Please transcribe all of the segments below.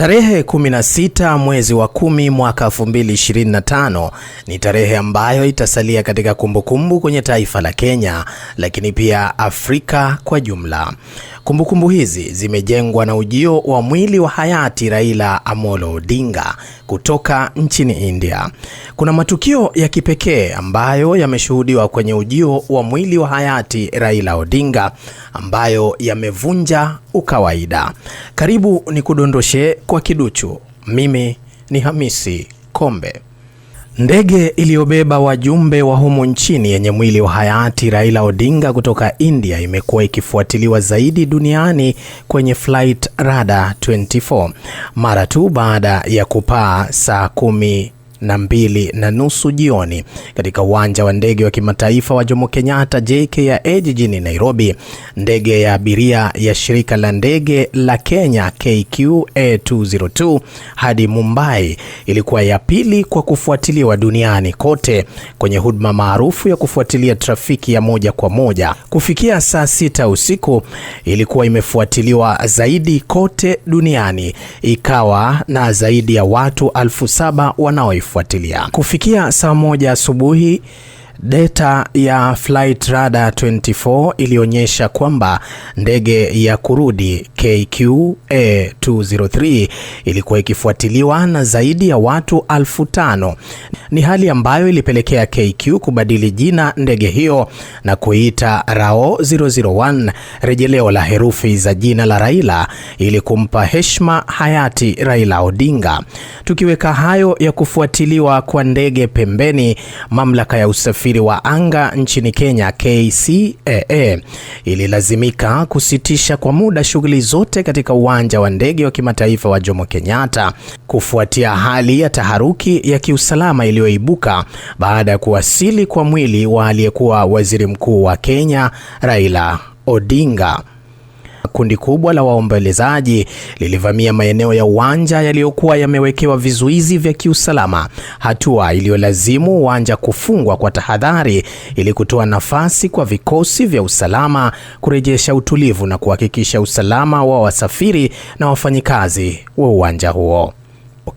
Tarehe 16 mwezi wa 10 mwaka 2025 ni tarehe ambayo itasalia katika kumbukumbu kumbu kwenye taifa la Kenya, lakini pia Afrika kwa jumla. Kumbukumbu hizi zimejengwa na ujio wa mwili wa hayati Raila Amolo Odinga kutoka nchini India. Kuna matukio ya kipekee ambayo yameshuhudiwa kwenye ujio wa mwili wa hayati Raila Odinga ambayo yamevunja ukawaida. Karibu ni kudondoshe kwa kiduchu. Mimi ni Hamisi Kombe. Ndege iliyobeba wajumbe wa humu nchini yenye mwili wa hayati Raila Odinga kutoka India imekuwa ikifuatiliwa zaidi duniani kwenye Flight Radar 24 mara tu baada ya kupaa saa kumi na mbili na nusu jioni katika uwanja wa ndege wa kimataifa wa Jomo Kenyatta JKIA jijini Nairobi. Ndege ya abiria ya shirika la ndege la Kenya KQ-A202 hadi Mumbai ilikuwa ya pili kwa kufuatiliwa duniani kote kwenye huduma maarufu ya kufuatilia trafiki ya moja kwa moja. Kufikia saa sita usiku ilikuwa imefuatiliwa zaidi kote duniani, ikawa na zaidi ya watu elfu saba wanaoifuatilia kufuatilia. Kufikia saa moja asubuhi Data ya Flight Radar 24 ilionyesha kwamba ndege ya kurudi KQA203 ilikuwa ikifuatiliwa na zaidi ya watu elfu tano. Ni hali ambayo ilipelekea KQ kubadili jina ndege hiyo na kuita RAO 001, rejeleo la herufi za jina la Raila ili kumpa heshima hayati Raila Odinga. Tukiweka hayo ya kufuatiliwa kwa ndege pembeni, mamlaka ya usafiri usafiri wa anga nchini Kenya KCAA ililazimika kusitisha kwa muda shughuli zote katika uwanja wa ndege wa kimataifa wa Jomo Kenyatta kufuatia hali ya taharuki ya kiusalama iliyoibuka baada ya kuwasili kwa mwili wa aliyekuwa waziri mkuu wa Kenya Raila Odinga. Kundi kubwa la waombolezaji lilivamia maeneo ya uwanja yaliyokuwa yamewekewa vizuizi vya kiusalama, hatua iliyolazimu uwanja kufungwa kwa tahadhari ili kutoa nafasi kwa vikosi vya usalama kurejesha utulivu na kuhakikisha usalama wa wasafiri na wafanyikazi wa uwanja huo.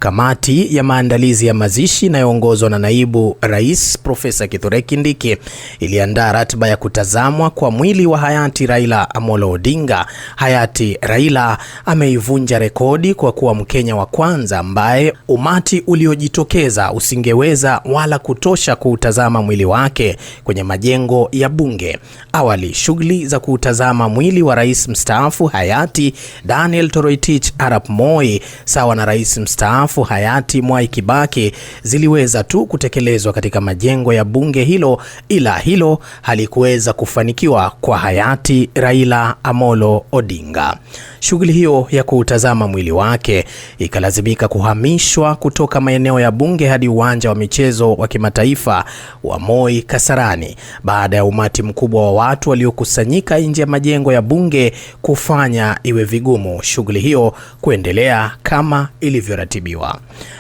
Kamati ya maandalizi ya mazishi inayoongozwa na naibu rais Profesa Kithure Kindiki iliandaa ratiba ya kutazamwa kwa mwili wa hayati Raila Amolo Odinga. Hayati Raila ameivunja rekodi kwa kuwa Mkenya wa kwanza ambaye umati uliojitokeza usingeweza wala kutosha kuutazama mwili wake kwenye majengo ya Bunge. Awali, shughuli za kuutazama mwili wa rais mstaafu hayati Daniel Toroitich Arap Moi sawa na rais mstaafu mstaafu hayati Mwai Kibaki ziliweza tu kutekelezwa katika majengo ya bunge hilo, ila hilo halikuweza kufanikiwa kwa hayati Raila Amolo Odinga. Shughuli hiyo ya kuutazama mwili wake ikalazimika kuhamishwa kutoka maeneo ya bunge hadi uwanja wa michezo wa kimataifa wa Moi Kasarani baada ya umati mkubwa wa watu waliokusanyika nje ya majengo ya bunge kufanya iwe vigumu shughuli hiyo kuendelea kama ilivyoratibiwa kuondolewa.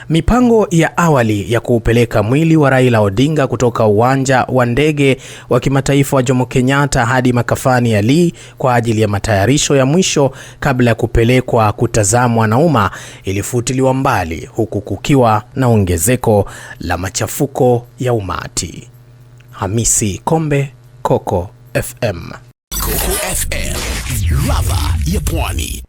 Mipango ya awali ya kuupeleka mwili wa Raila Odinga kutoka uwanja wa ndege wa kimataifa wa Jomo Kenyatta hadi makafani ya Lee kwa ajili ya matayarisho ya mwisho kabla ya kupelekwa kutazamwa na umma ilifutiliwa mbali, huku kukiwa na ongezeko la machafuko ya umati. Hamisi Kombe, Coco FM. Coco FM, ladha ya Pwani.